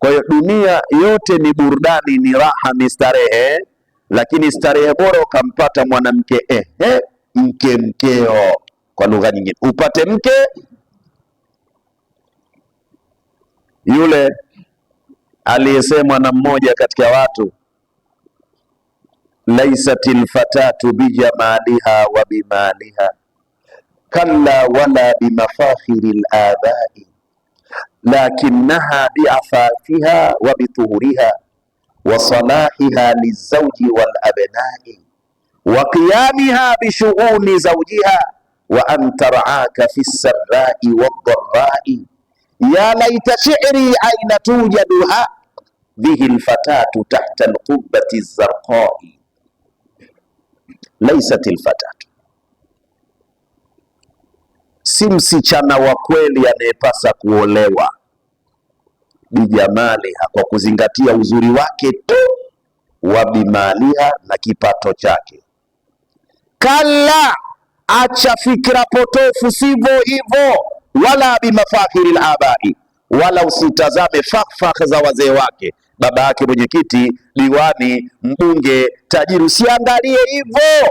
Kwa hiyo dunia yote ni burudani, ni raha, ni starehe, lakini starehe bora ukampata mwanamke eh, mke mkeo, kwa lugha nyingine upate mke yule aliyesemwa na mmoja katika watu, laisatil fatatu bijamaliha wa bimaliha kalla wala bimafakhiril labai لكنها بعفافها وبطهورها وصلاحها للزوج والأبناء وقيامها بشؤون زوجها وأن ترعاك في السراء والضراء يا ليت شعري أين توجدها به الفتاة تحت القبة الزرقاء ليست الفتاة si msichana wa kweli anayepasa kuolewa. Bi jamaliha, kwa kuzingatia uzuri wake tu, wa bimaliha, na kipato chake. Kalla, acha fikra potofu, sivyo hivyo. Wala bimafakhiril abai, wala usitazame fakfakh za wazee wake, baba yake, mwenyekiti, diwani, mbunge, tajiri, usiangalie hivyo.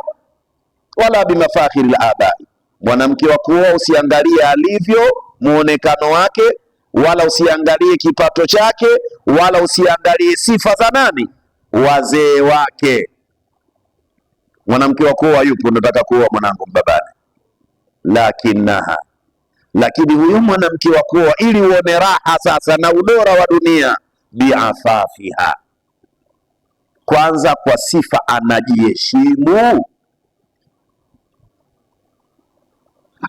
Wala bimafakhiril abai Mwanamke wa kuoa usiangalie alivyo muonekano wake, wala usiangalie kipato chake, wala usiangalie sifa za nani, wazee wake. Mwanamke wa kuoa yupo, nataka kuoa mwanangu Mbabane, lakinaha lakini huyu mwanamke wa kuoa ili uone raha sasa na ubora wa dunia, biafafiha, kwanza kwa sifa anajiheshimu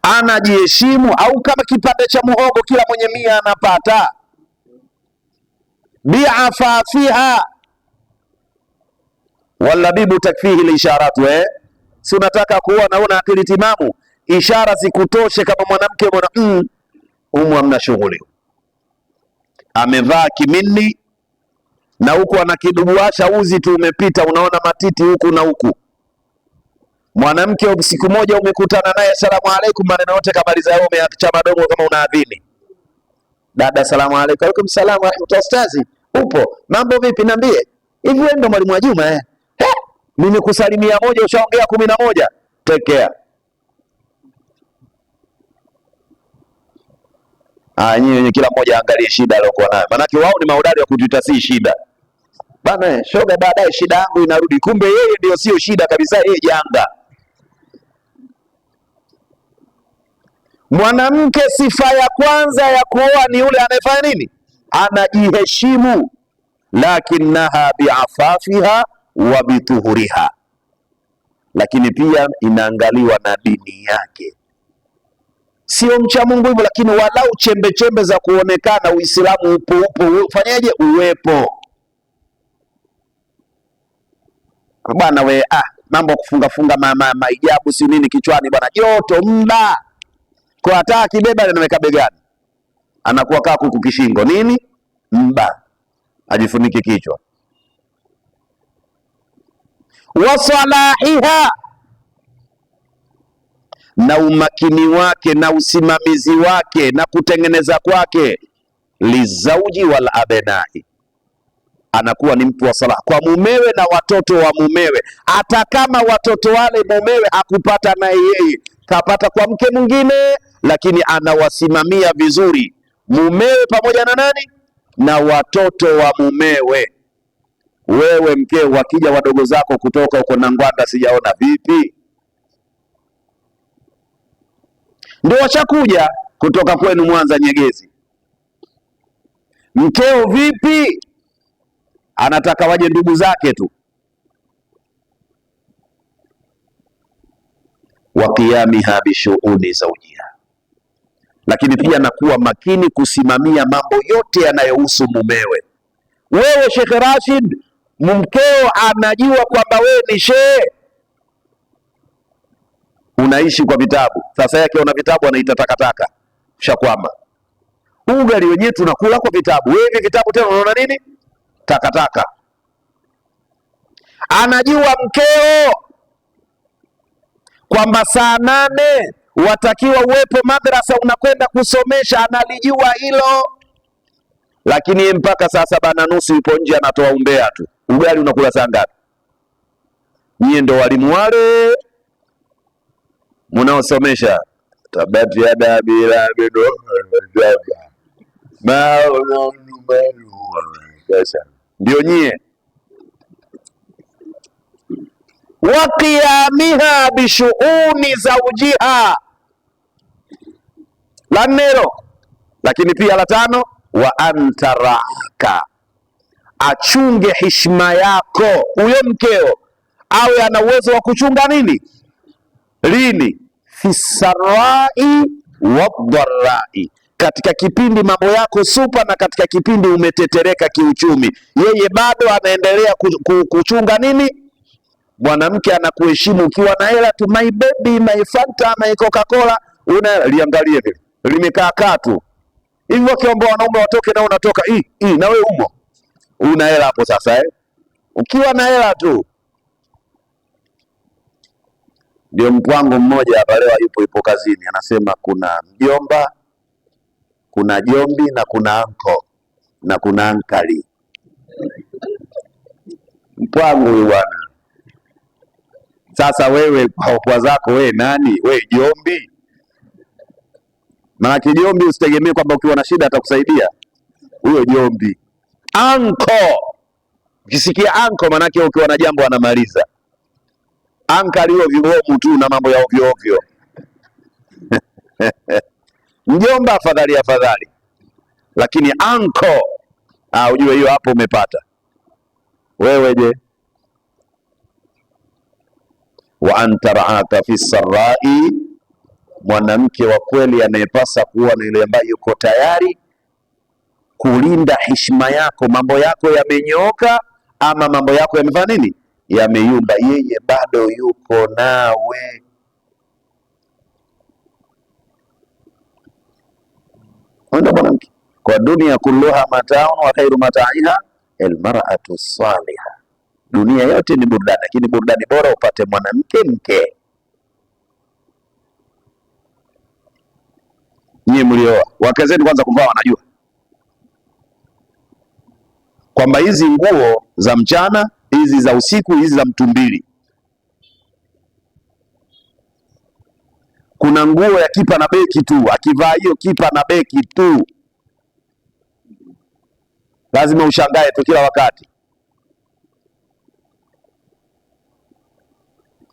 anajiheshimu au kama kipande cha muhogo kila mwenye mia anapata biafafiha bibu takfihi lisharatu eh? si unataka kuwa na una akili timamu, ishara zikutoshe. Kama mwanamke mwana mm, umu amna shughuli, amevaa kimini na huku ana kidubuasha uzi tu, umepita unaona matiti huku na huku mwanamke siku moja umekutana naye salamu alaikum, maneno yote kamaliza, wewe umeacha madogo kama unaadhini. Dada salamu alaikum. Alaikum salamu rahmatullahi. Ustazi upo, mambo vipi? Niambie hivi, wewe ndo mwalimu wa Juma eh? Nimekusalimia moja ushaongea kumi na moja. Tekea ah, nyinyi, kila mmoja angalie shida aliyokuwa nayo, maanake wao ni maudari wa kutuita si shida bana. Shoga, baadaye shida yangu inarudi, kumbe yeye ndio sio shida kabisa, yeye janga Mwanamke sifa ya kwanza ya kuoa ni yule anayefanya nini? Anajiheshimu. lakinaha biafafiha wa bituhuriha, lakini pia inaangaliwa na dini yake. Sio mcha Mungu hivyo, lakini walau chembe chembe za kuonekana Uislamu upo upo, ufanyeje? Uwepo bwana we, ah, mambo kufunga funga maijabu ma, ma, si nini kichwani bwana, joto mda kwa hata akibeba anaweka begani, anakuwa kaa kuku kishingo nini, mba ajifunike kichwa. Wasalahiha, na umakini wake na usimamizi wake na kutengeneza kwake, lizauji wal abenai anakuwa ni mtu wa salaha kwa mumewe na watoto wa mumewe. Hata kama watoto wale mumewe hakupata naye yeye, kapata kwa mke mwingine lakini anawasimamia vizuri mumewe pamoja na nani na watoto wa mumewe. Wewe mkeo, wakija wadogo zako kutoka huko Nangwanda sijaona vipi? Ndio washakuja kutoka kwenu Mwanza Nyegezi, mkeo vipi? Anataka waje ndugu zake tu. wa qiyamiha bishuuni zaujiha lakini pia na kuwa makini kusimamia mambo yote yanayohusu mumewe. Wewe Sheikh Rashid, mumkeo anajua kwamba wewe ni shehe, unaishi kwa vitabu. Sasa yake una vitabu anaita takataka, shakwama. Huu ugali wenyewe tunakula kwa vitabu, wewe hivi vitabu tena unaona nini? Takataka. Anajua mkeo kwamba saa nane watakiwa uwepo madrasa, unakwenda kusomesha, analijua hilo lakini mpaka saa saba na nusu yupo nje anatoa umbea tu. Ugali unakula saa ngapi? Nyie ndo walimu wale munaosomesha tabati adabila ndio nyie. Wa qiyamiha bishuuni zaujiha nne hilo, lakini pia la tano, wa antaraka achunge heshima yako. Huyo mkeo awe ana uwezo wa kuchunga nini, lini, fisarai wadarai katika kipindi mambo yako supa na katika kipindi umetetereka kiuchumi, yeye bado anaendelea kuchunga nini. Mwanamke anakuheshimu ukiwa na hela tu, my baby, my Fanta, my Coca-Cola, una liangalie vile limekaa kaa tu hivi, wakiomba wanaume watoke na unatoka hii hii, na wewe umo, una hela hapo sasa eh? Ukiwa na hela tu. Ndio mtu wangu mmoja hapa leo yupo yupo kazini, anasema kuna mjomba, kuna jombi na kuna anko na kuna ankali. Mtwangu huyu bwana. Sasa wewe kwa zako wewe nani? Wewe jombi maana jombi usitegemee kwamba ukiwa na shida atakusaidia huyo jombi. Anko, ukisikia anko maanake ukiwa na jambo anamaliza. Anka liyo viomu tu na mambo ya ovyo ovyo. Mjomba afadhali afadhali, lakini anko ah, ujue hiyo hapo umepata wewe. Je, wa anta raaka fi sarai mwanamke wa kweli anayepasa kuwa ni yule ambaye yuko tayari kulinda heshima yako. Mambo yako yamenyooka ama mambo yako yamefanya nini, yameyumba, yeye bado yuko nawe. Enda mwanamke kwa dunia, kulluha mataun wa khairu mataiha almar'atu salihah, dunia yote ni burudani, lakini burudani bora upate mwanamke mke nyie mlioa, wake zenu kwanza kuvaa wanajua kwamba hizi nguo za mchana, hizi za usiku, hizi za mtumbili. Kuna nguo ya kipa na beki tu, akivaa hiyo kipa na beki tu lazima ushangae tu kila wakati.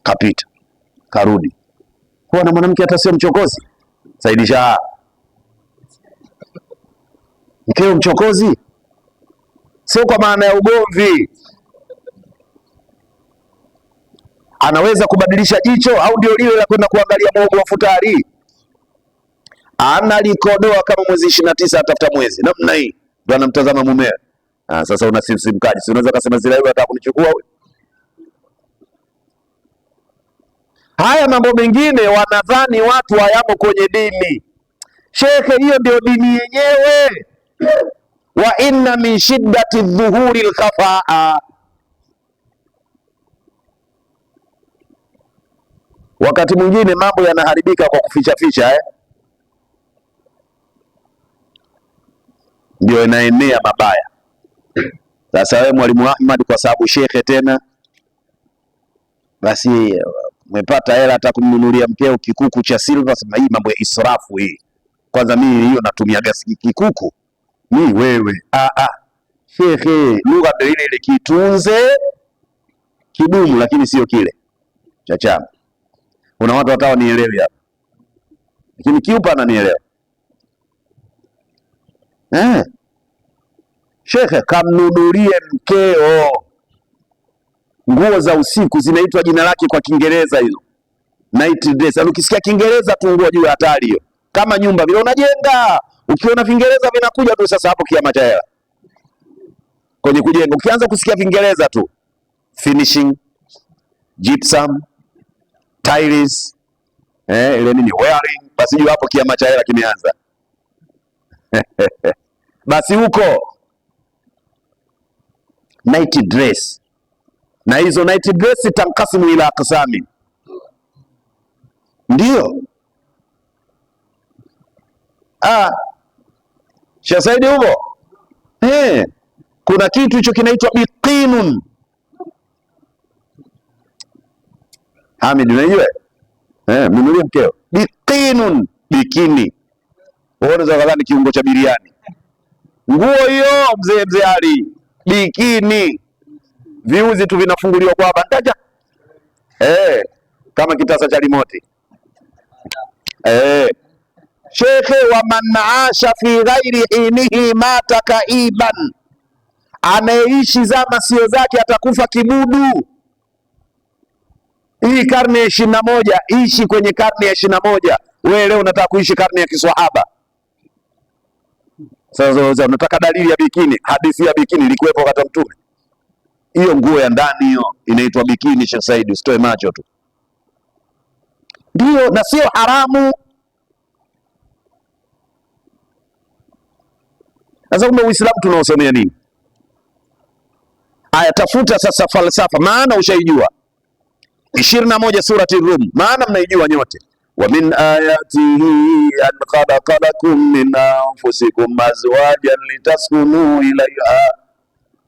Kapita karudi, kuwa na mwanamke hata sio mchokozi, saidisha mkeo mchokozi, sio kwa maana ya ugomvi. Anaweza kubadilisha jicho, au ndio lile la kwenda kuangalia mwogo wa futari, analikodoa kama mwezi ishirini na tisa atafuta mwezi namna hii, ndo anamtazama mumea. Ah, sasa una simsimkaji, si unaweza kusema zile yule ataka kunichukua wewe. Haya mambo mengine wanadhani watu hayamo kwenye dini. Shekhe, hiyo ndio dini yenyewe wa inna min shiddati dhuhuri lkhafaa, wakati mwingine mambo yanaharibika kwa kufichaficha eh? Ndio inaenea mabaya. Sasa wewe mwalimu Ahmad, kwa sababu shekhe tena, basi umepata hela hata kumnunulia mkeo kikuku cha silva. Sema hii mambo ya israfu hii. Kwanza mimi hiyo natumiaga kikuku ni wewe. Ah, ah. Shehe, lugha ile ile kitunze kidumu, lakini sio kile cha chama. Kuna watu watawa nielewi hapa, lakini kiupa ananielewa eh. Shehe, kamnunulie mkeo nguo za usiku zinaitwa jina lake kwa Kiingereza hizo night dress. Ukisikia Kiingereza tu nguo juu ya hatari hiyo, kama nyumba vile unajenga Ukiona Vingereza vinakuja tu sasa, hapo kiama cha hela kwenye kujenga. Ukianza kusikia Vingereza tu, finishing, gypsum, tiles, eh, ile nini wiring, basi jua hapo kiama cha hela kimeanza. Basi huko night dress, na hizo night dress tankasimu ila akasami, ndiyo ah Sheikh Said huko eh, kuna kitu hicho kinaitwa biqinun. Hamid, unajua eh, mimi mkeo biqinun, bikini unaweza kadhani kiungo cha biriani, nguo hiyo mzee mzee Ali, bikini, viuzi tu vinafunguliwa kwa hapa ndaja eh, kama kitasa cha limoti eh. Shekhe, man aasha fi ghairi hinihi mata kaiban, anayeishi zama sio zake atakufa kibudu. Hii karne ya ishirini na moja, ishi kwenye karne ya ishirini na moja. Wewe leo unataka kuishi karne ya kiswahaba. Sasa unataka dalili ya bikini? Hadithi ya bikini ilikuwepo wakati Mtume, hiyo nguo ya ndani hiyo inaitwa bikini. Sheikh Said, usitoe macho tu, ndio na sio haramu Sasa kumbe Uislamu tunaosemea nini? Aya, tafuta sasa falsafa, maana ushaijua. ishirini na moja surati Rum, maana mnaijua nyote wa min ayatihi an khalaqa lakum min anfusikum azwajan litaskunu ilayha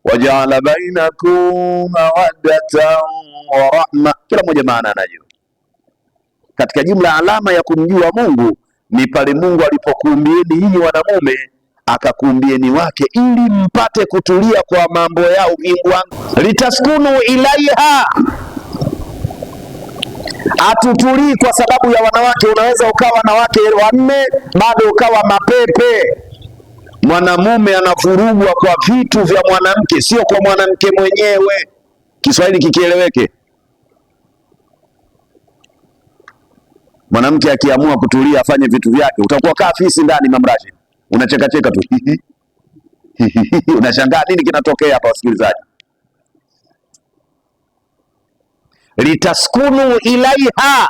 wa ja'ala bainakum mawaddatan wa rahma. Kila mmoja maana anajua. Katika jumla alama ya kumjua Mungu ni pale Mungu alipokuumbieni nyinyi wanamume akakumbieni wake ili mpate kutulia kwa mambo yao. Mungu wangu litaskunu ilaiha, atutulii kwa sababu ya wanawake. Unaweza ukawa wanawake wanne bado ukawa mapepe. Mwanamume anavurugwa kwa vitu vya mwanamke, sio kwa mwanamke mwenyewe. Kiswahili kikieleweke. Mwanamke akiamua kutulia afanye vitu vyake, utakuwa kaa fisi ndani mamrashi unachekacheka tu unashangaa nini kinatokea hapa, wasikilizaji? litaskunu ilaiha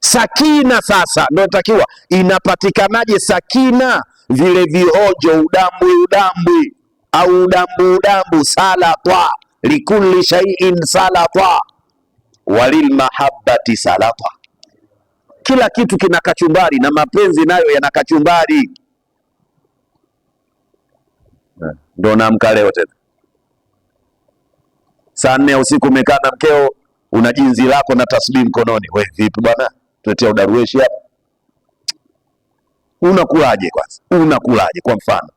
sakina. Sasa ndio takiwa inapatikanaje sakina? Vile viojo udambwi udambwi au udambu udambu, salata likulli shay'in salata walilmahabbati salata kila kitu kina kachumbari, na mapenzi nayo yana kachumbari. Eh, Ndo naamka leo tena saa nne ya usiku, umekaa na mkeo, una jinzi lako na tasbih mkononi. We vipi bwana, tuletea udarueshi hapa. Unakulaje kwanza? Unakulaje kwa mfano?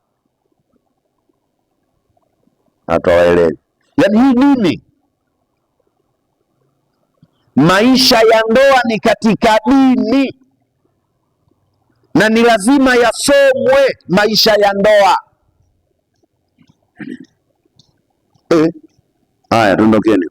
Hatawaelewi yaani hii nini Maisha ya ndoa ni katika dini na ni lazima yasomwe maisha ya ndoa. Eh? Haya, tondokeni.